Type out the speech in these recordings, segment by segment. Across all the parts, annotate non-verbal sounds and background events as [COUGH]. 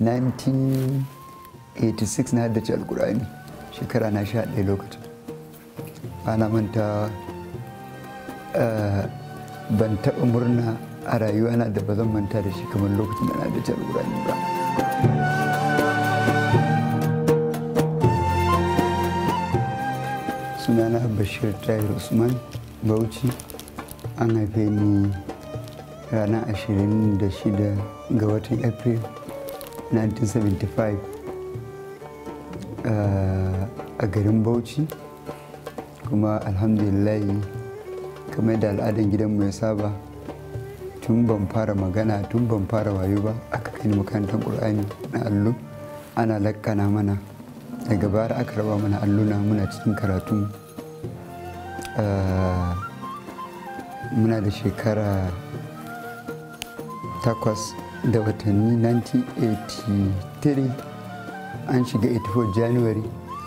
1986 na haddace alkur'ani shekara na sha ɗaya lokacin ana manta eh, ban taɓa murna a rayuwa na da ba zan manta da shi kamar lokacin da na haddace alkur'ani ba sunana bashir tahir usman bauchi an haife ni ranar 26 ga watan april 1975 uh, a garin bauchi kuma alhamdulillahi kamar da al'adan gidanmu ya saba tun ban fara magana tun ban fara wayo ba aka kai makarantar ƙur'ani na allo ana lakkana mana daga bara aka raba mana alluna muna cikin karatu uh, muna da shekara takwas da watanni 1983 an shiga 84 january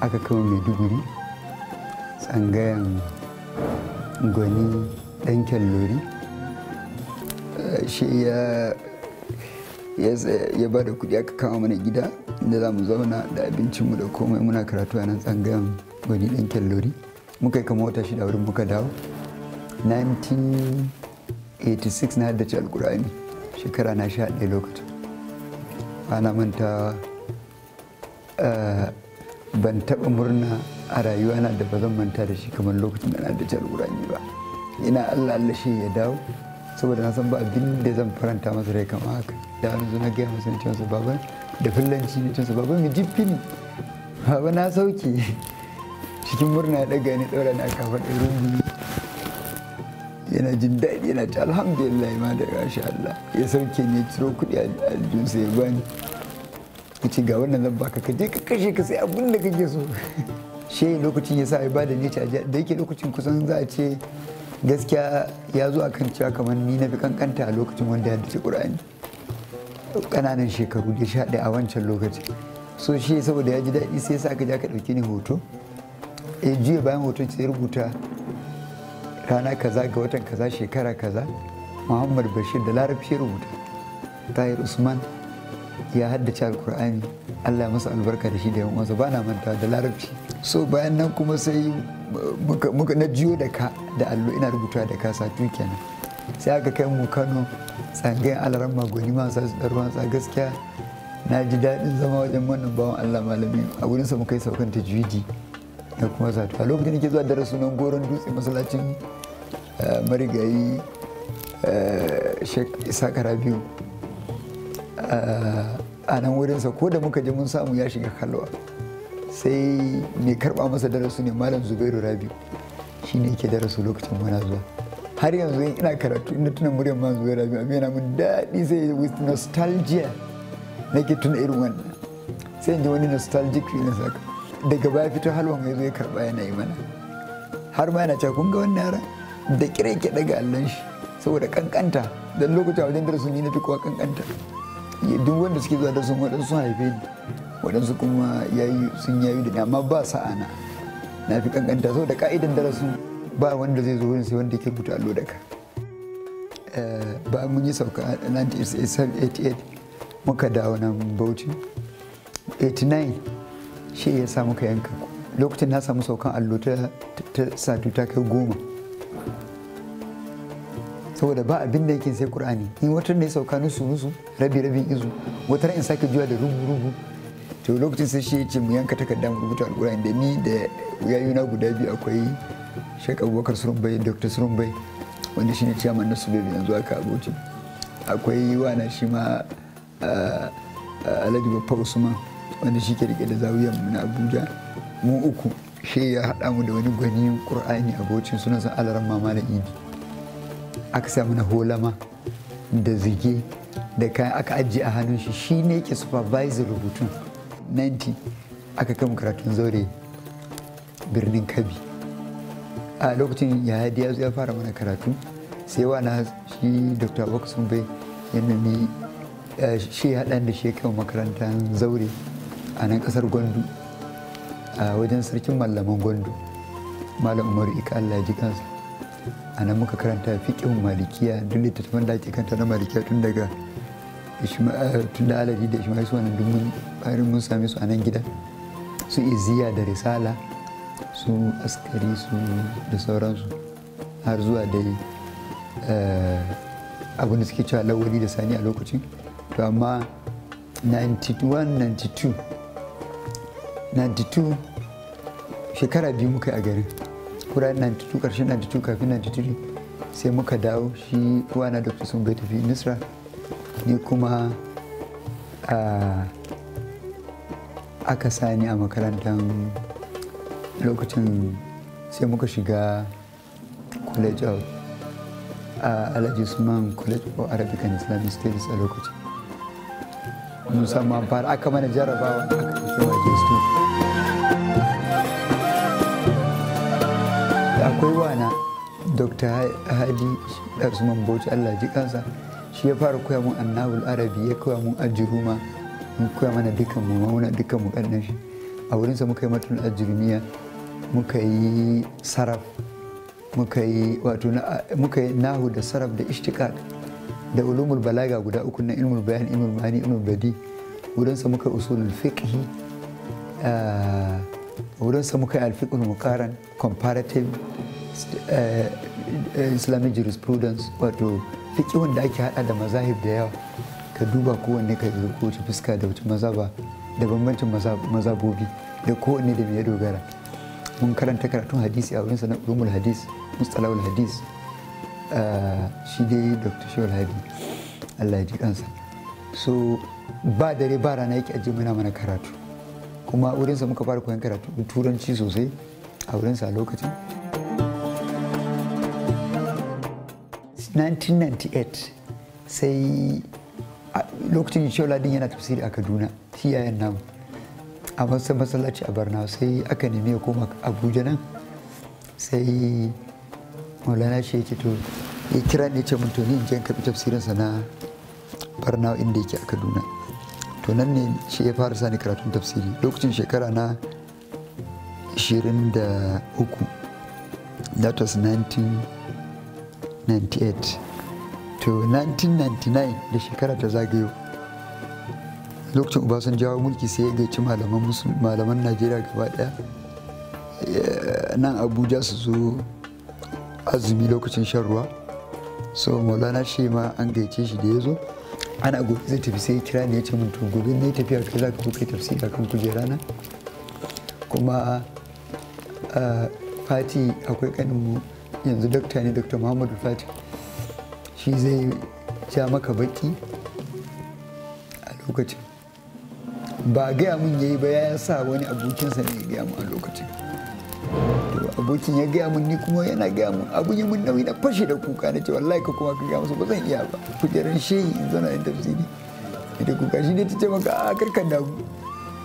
aka kama maiduguri tsangayan gwani dan kyallori eh, shi ya ya ba da kuɗi aka kama mana gida inda za mu zauna da abincinmu da komai muna karatu a nan tsangayan gwani dan kyallori muka yi kama wata shida wurin muka dawo 1986 na haddace alkur'ani shekara na sha ɗaya lokacin ana manta eh, ban taɓa murna a rayuwa na da ba zan manta da shi kamar lokacin da na da ne ba ina allah allah shi ya dawo saboda na san ba abin da zan faranta masa rai kama haka da zo na gaya masa cewa baban da fillanci ne cewa baban mu jiffi ne baba na sauke cikin murna ya ɗaga ni ɗaura na kafa ɗaya rungumi yana jin daɗi yana ta alhamdulillah ma da rashin Allah ya sauke ne ciro kuɗi a aljinsa ya bani ya ce ga wannan zan baka ka je ka kashe ka sai abin da kake so [LAUGHS] she lokacin ya sa ya bada ne caji da yake lokacin kusan za a ce gaskiya ya zo a kan cewa kamar ni na fi kankanta a lokacin wanda ya dace ƙur'ani ƙananan shekaru da sha a wancan lokaci. so shi saboda ya ji daɗi sai ya sa ka ja ka ɗauki ni hoto e jiya bayan hoton sai rubuta rana kaza ga watan kaza shekara kaza muhammad bashir da larabci rubuta tahir usman ya haddace alkur'ani allah masa albarka da shi da yan uwansa ba na manta da larabci so bayan nan kuma sai muka na jiyo da ka da allo ina rubuta da ka satu kenan sai aka kai mu kano tsangayin alaran magwani masu ruwan sa gaskiya na ji daɗin zama wajen wannan bawan allah malami a wurinsa mu kai saukan tajwidi da kuma zato a lokacin da ke zuwa darasu nan goron dutse masallacin eh, marigayi eh, shek isa karabiyu eh, a nan wurinsa ko da muka je mun samu ya shiga kalwa sai mai karba masa darasu ne malam zubairu rabi shi ne yake darasu lokacin muna zuwa har yanzu ina karatu ina tuna muryar malam zubairu rabi abin yana mun daɗi sai with nostalgia nake tuna irin wannan sai in ji wani nostalgic feeling saka daga baya fito halwan ya zo ya karba yana yi mana har ma yana cewa kun ga wannan yaran da kire ke daga allon shi saboda kankanta don lokuta wajen darasin ni na fi kowa kankanta duk wanda suke zuwa sun waɗansu sun haife ni waɗansu kuma yayi sun yayi da amma ba sa'ana na fi kankanta saboda ka'idan darasin ba wanda zai zo wurin sai wanda ke rubuta allo daga eh, ba mun yi sauka 1988 muka dawo nan bauchi 89 shi ya sa muka yanka lokacin na samu saukan allo ta satu ta kai goma saboda ba abin da yake sai kurani in wata ne sauka nusu nusu rabi rabin izu wata in sake juya da rubu rubu to lokacin sai shi ce mu yanka takarda mu rubuta alqur'ani da ni da yayuna guda biyu akwai Sheikh Abubakar Surumbai Dr. Surumbai wanda shine chairman na Subebi yanzu aka abuci akwai wana shi ma ah, ah, Alhaji Baffa Usman wanda shi ke rike da zawiyar mu na abuja mu uku shi ya haɗa mu da wani gwani ƙur'ani bocin sunan san alaran mama da idi aka sa mana holama da zige da kayan aka ajiye a hannun shi shi ne ke supervisor rubutun 90 aka kama karatun zaure birnin kabi a lokacin ya hadiya ya fara mana karatu sai wa na shi dr sun bai ne shi haɗan da shekaru makarantar zaure a nan kasar gwandu a wajen sarkin malaman gwandu malam Umar ika allah ji kansa a nan muka karanta fiƙin malikiya duk littattafan da ake kanta na malikiya tun daga tun da alaji da ishmael su wani dumin bayan mun same su a nan gida su iziya da risala su askari su da sauransu har zuwa dai eh, abin da suke cewa lawali da sani a lokacin to amma 91 92 92 shekara biyu muka a garin kura 92 karshen 92 kafin 93 sai muka dawo shi na dr sun bai tafi nisra ni kuma aka sani a makarantar lokacin sai muka shiga college of alhaji suman college of arabic and islamic studies a lokacin musamman fara aka mana jarabawa aka fi waje student akwai wana dr hadi usman bauchi allah ji kansa shi ya fara koya mun annabul arabi ya koya mun ajiruma mun koya mana dukkan mu mauna dukkan mu kannan shi a wurinsa muka yi matul ajirumiya muka yi saraf muka yi wato muka yi nahu da saraf da ishtiqaq da ulumul balaga guda uku na ilmul bayan ilmul mani ilmul badi wurinsa muka usulul fiqhi ah, wurinsa muka yi alfikun mukaran comparative eh, eh, islamic jurisprudence wato fiƙihun wanda ake hada da mazahib da yawa ka duba kowanne ka yi kowace fuska da wata mazaba da bambancin mazabobi da kowanne da mai dogara mun karanta karatun hadisi a wurinsa na ulumul hadis mustalawul hadis eh, shi dai dr shawal hadi allah ya ji kansa so ba dare ba rana yake ajiye mana mana karatu kuma wurin sa muka fara koyon karatu turanci sosai a wurinsa a lokacin 1998 sai lokacin sholadin yana tafsiri a kaduna tiyayen namu a wasu masallaci a barna sai aka nemi ya koma abuja nan sai maulana shi ya to ya kira ne ce mutum to ni in je tafsirinsa na barna inda yake a kaduna to nan ne shi ya fara sani karatun tafsiri lokacin shekara na 23 that was 1998 to 1999 da shekara ta zagayo lokacin ubasan jawo mulki sai ya gaici malaman najeriya gaba daya eh, nan abuja su zo azumi lokacin shan ruwa so maulana shi ma an gaice shi da ya zo ana gobe zai tafi sai kira ne ya ce mun to gobe ne tafiya kai za ka zo kai tafsiri akan kujera na kuma fati akwai kaninmu yanzu dokta ne dokta muhammadu fati shi zai ja maka baki a lokacin ba gaya mun yayi ba ya sa wani abokinsa ne ya gaya mu a lokacin to abokin ya gaya mun ni kuma yana gaya mun abun yi mun nauyi na fashe da kuka na ce wallahi ka kuma ka gaya musu ba zan iya ba kujeran shehi in zauna in tafsiri da kuka shi ne ta ce maka a karkan damu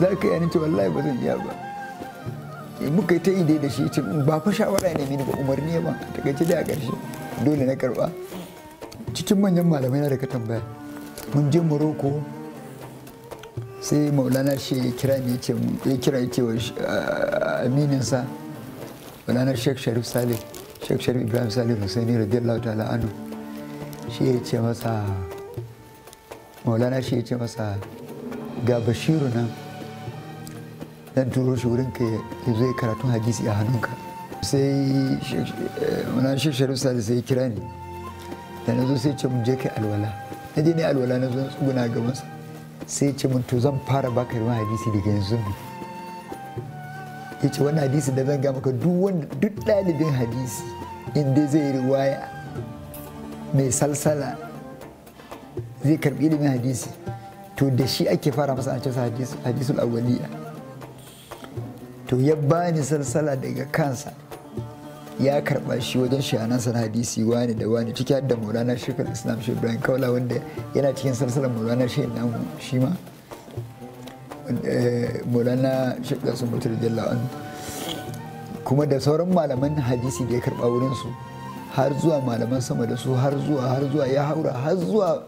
za ka yi ce wallahi ba zan iya ba eh, muka yi ta ide da shi ce ba fa shawara ne mini ba umarni ba a takaice da a ƙarshe dole na karba cikin manyan malamai na da ka tambaya mun je morocco sai maulana shi kira ne ya kira ya ce wa amininsa maulana sheikh sharif salih sheikh sharif ibrahim salih husaini radiyallahu ta'ala anhu shi ya ce masa maulana shi ya ce masa ga bashiru nan dan turo shi wurin ka ya zo karatun hadisi a hannunka sai maulana sheikh sharif salih sai ya kira ni da na zo sai ce mun je kai alwala na je ne alwala na zo tsuguna gabansa sai ce mun to zan fara baka ruwan hadisi daga yanzu ya ce wani hadisi da zan ga maka duk ɗalibin hadisi inda zai yi riwaya mai salsala zai karbi ilimin hadisi to da shi ake fara masa an cewa hadisul awwaliya to ya bani salsala daga kansa ya karba shi wajen shahanansa na hadisi wani da wani ciki har da maulana shekul islam shi ibrahim kaula wanda yana cikin salsalar maulana shi namu shi ma eh, maulana shekul sun mutu da kuma da sauran malaman hadisi da ya karba wurinsu har zuwa malaman sama da su har zuwa har zuwa ya haura har zuwa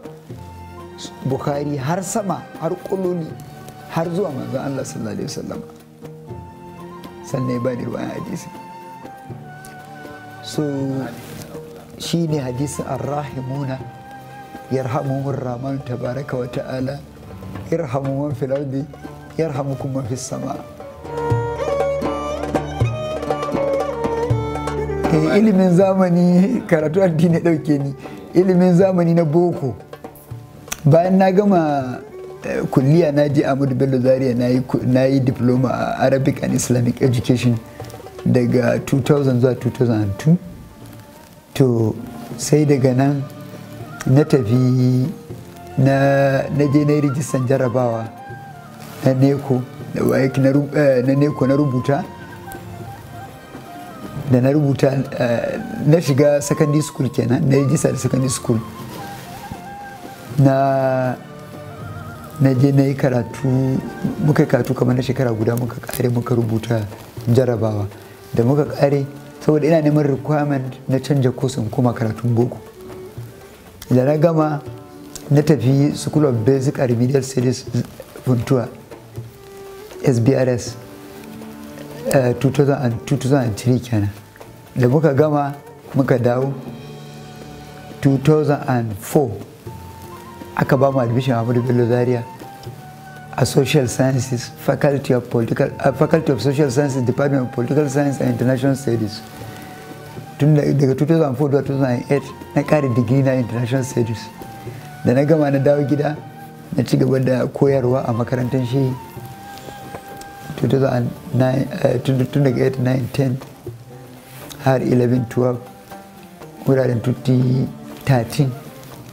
bukari har sama har kuluni har zuwa manzon allah sallallahu alaihi wasallam sannan ya bani ruwan hadisi so shi ne hadisin arrahimuna yarhamuhur rahman tabaraka wa ta'ala irhamu man fil ardi yarhamukum man fis sama eh, ilimin zamani karatu addini dauke ni ilimin zamani na boko bayan na gama eh, kulliya na je Ahmadu Bello Zaria na yi diploma a Arabic and Islamic Education daga 2000 zuwa 2002 to sai daga nan na tafi na je na yi rijistan jarabawa na neko na eh, neko na rubuta da na rubuta eh, na shiga secondary school kenan na rijista da secondary school na na je na yi karatu muka yi karatu kamar na shekara guda muka kare muka rubuta jarabawa da muka kare saboda ina neman requirement na canja course in koma karatun boko da na gama na tafi school of basic and remedial studies funtua sbrs 2003 eh, kenan da muka gama muka dawo 2004 aka ba mu admission a bello zaria a social sciences faculty of political a faculty of social sciences department of political science and international studies tun daga 2004 zuwa 2008 na kare digiri na international studies da na gama na dawo gida na ci gaba da koyarwa a makarantar shi 2008, 9 10 har 11 12 wuraren 2013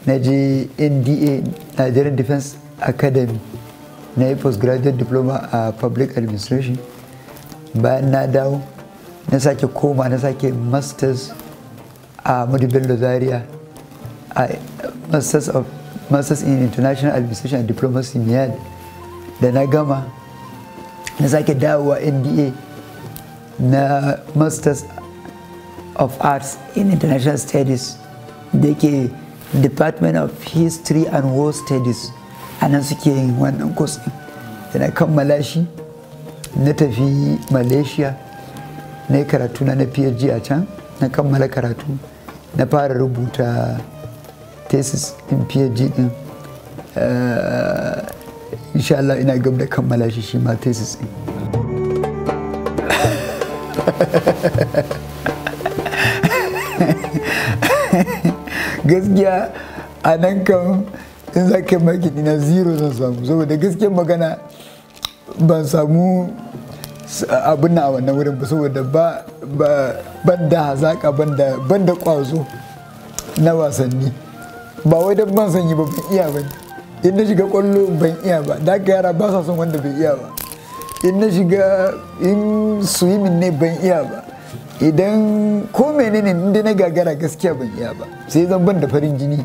na je nda nigerian defense academy na yi postgraduate diploma a public administration bayan na dawo na sake koma na sake masters a madubin zaria a masters of masters in international administration and diplomacy miyad da na gama na sake dawowa nda na masters of arts in international studies da ke department of history and world studies anan suke yin wannan course din da na kammala shi na tafi malaysia na karatu na na phd a can na kammala karatu na fara rubuta thesis din phd din eh, insha Allah ina gab da kammala shi shi ma thesis din [LAUGHS] gaskiya a kan in za ka maki dina zero zan samu saboda gaskiyar magana ban samu abin na a wannan wurin ba saboda ba ban da hazaka ban da kwazo na wasanni ba wai don ban sanyi ba ban iya ba in na shiga kwallo ban iya ba da haka yara ba sa son wanda ban iya ba in na shiga in swimming ne ban iya ba idan ko menene inda na gagara gaskiya ban iya ba sai zan ban da farin jini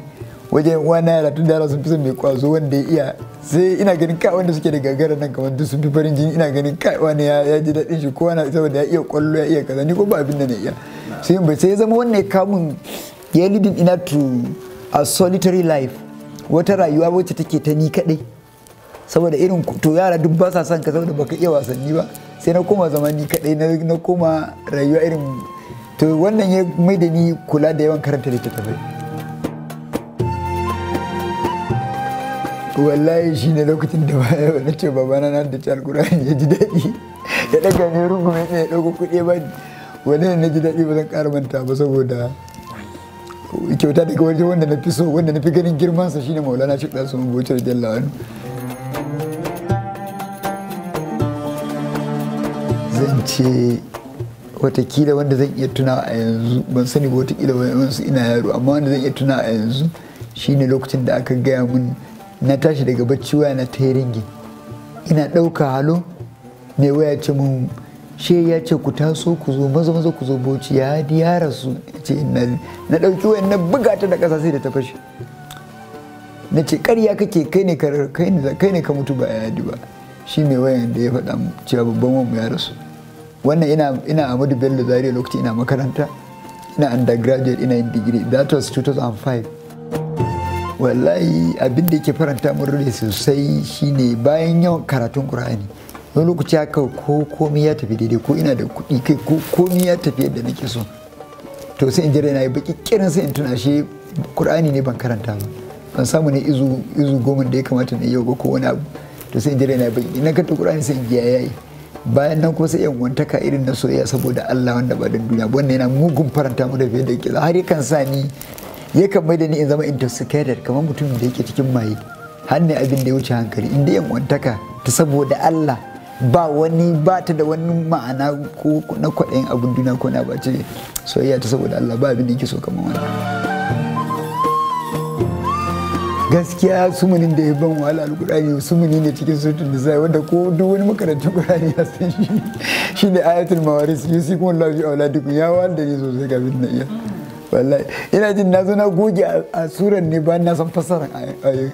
wajen wani yara tun da yara sun fi son mai kwazo wanda ya iya sai ina ganin ka wanda suke da gagara nan kamar duk sun fi farin jini ina ganin ka wani ya ji daɗin shi ko wani saboda ya iya kwallo ya iya kaza ni ko ba abin da na iya sai ba sai zama wannan ya kamun ya leading ina to a solitary life wata rayuwa wacce take ta ni kaɗai saboda irin to yara duk ba sa son ka saboda baka iya wasanni ba sai na koma zama ni kaɗai na koma rayuwa irin to wannan ya mai da ni kula da yawan karanta littattafai wallahi shi ne lokacin da baya na ce Baba na da ci alkurani ya ji daɗi ya ɗaga ne rungume ne ya ɗauko kuɗi ba wani na ji daɗi ba zan ƙara manta ba saboda kyauta daga wajen wanda na fi so wanda na fi ganin girmansa shine maulana shi ɗansu mabucin jallawa zan ce watakila wanda zan iya tuna a yanzu ban sani ba watakila wani ina yaro amma wanda zan iya tuna a yanzu shine lokacin da aka gaya mun na tashi daga bacci waya na ta ringi ina ɗauka halo mai waya ce mun she ya ce ku taso ku zo maza maza ku zo boci ya ya rasu ce na na dauki wayan na buga ta da kasa sai da ta fashe na ce ƙarya kake kai ne kai ne ka mutu ba ya yadi ba shi mai wayan da ya faɗa cewa babban wanmu ya rasu wannan ina ina Ahmadu Bello Zaria lokaci ina makaranta ina undergraduate ina yin digiri that was 2005 wallahi abin da yake faranta mun rure sosai shine bayan yawan karatun qur'ani wani lokaci haka ko komai ya tafi daidai ko ina da kuɗi kai ko komai ya tafi yadda nake so to sai in jira raina ya baki sai in tuna shi qur'ani ne ban karanta ba ban samu ne izu izu goma da ya kamata na yau ba ko wani abu to sai in jira raina ya baki na karanta qur'ani sai in ji yayi bayan nan kuma sai yan wantaka irin na soyayya saboda Allah wanda ba don duniya wannan yana mugun faranta mu da fiye da kila har yakan sa ni yakan mai da ni in zama intoxicated kamar mutumin da yake cikin maye hannun abin da ya wuce hankali inda yan wantaka ta saboda Allah ba wani ba ta da wani ma'ana ko na kwaɗayin abin duniya ko na bace soyayya ta saboda Allah ba abin da yake so kamar wannan gaskiya sumunin da ya ban wahala alkurani sumuni ne cikin da zai wanda ko duk wani makarantun kurani ya san shi ne ayatul mawaris lafi a wala auladikum ya wanda ne sosai kafin na iya wallahi ina jin na zo na goge a suran ne bayan na san fassarar ayoyi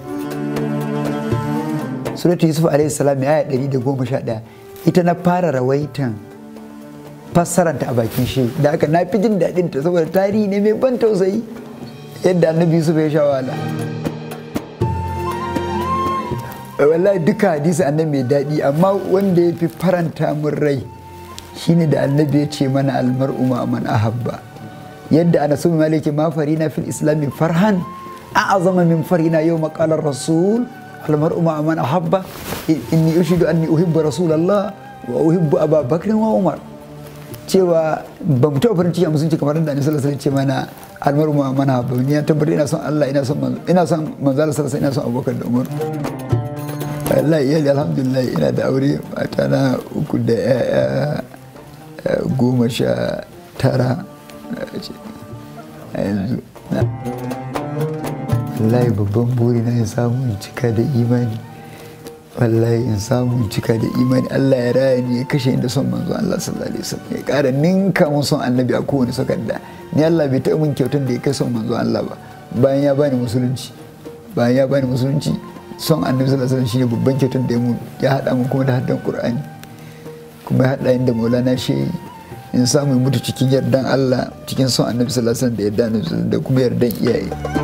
suratu yusuf alaihi salam ya 111 ita na fara rawaitan fassaranta a bakin shi da aka na fi jin daɗin ta saboda tarihi ne mai ban tausayi yadda annabi yusuf ya sha wahala eh, wallahi duka hadisi annabi mai daɗi amma wanda ya fi faranta mun rai shine da annabi ya ce mana almar'u man ahabba yadda ana sun maliki ma farina fil islami farhan a azama min farina yau maƙalar rasul almar'u ma man ahabba ni ushidu anni uhibbu rasulallah wa uhibbu aba bakrin wa umar cewa ba mu taɓa farin ciki a musulunci kamar da annabi sallallahu alaihi ce mana umar ma mana ba ni ya tabbata ina son Allah ina son ina son sallallahu ina son Abubakar da Umar wallahi iyali alhamdulillah ina da aure mata na uku da goma sha tara yanzu wallahi babban buri na ya samu cika da imani wallahi in samu cika da imani Allah ya raya ni ya kashe inda son manzo Allah sallallahu alaihi wasallam ya ƙara ninka mun son annabi a kowane sakanda ni Allah bai taɓa min kyautar da ya kai son manzo Allah ba bayan ya bani musulunci bayan ya bani musulunci son annabi sallallahu alaihi wasallam shine babban kyautar da ya ya haɗa mun kuma da haddan Qur'ani kuma ya haɗa inda Maulana Shehi in samu mutu cikin yardan Allah cikin son annabi sallallahu alaihi wasallam da yardan da kuma yardan iyaye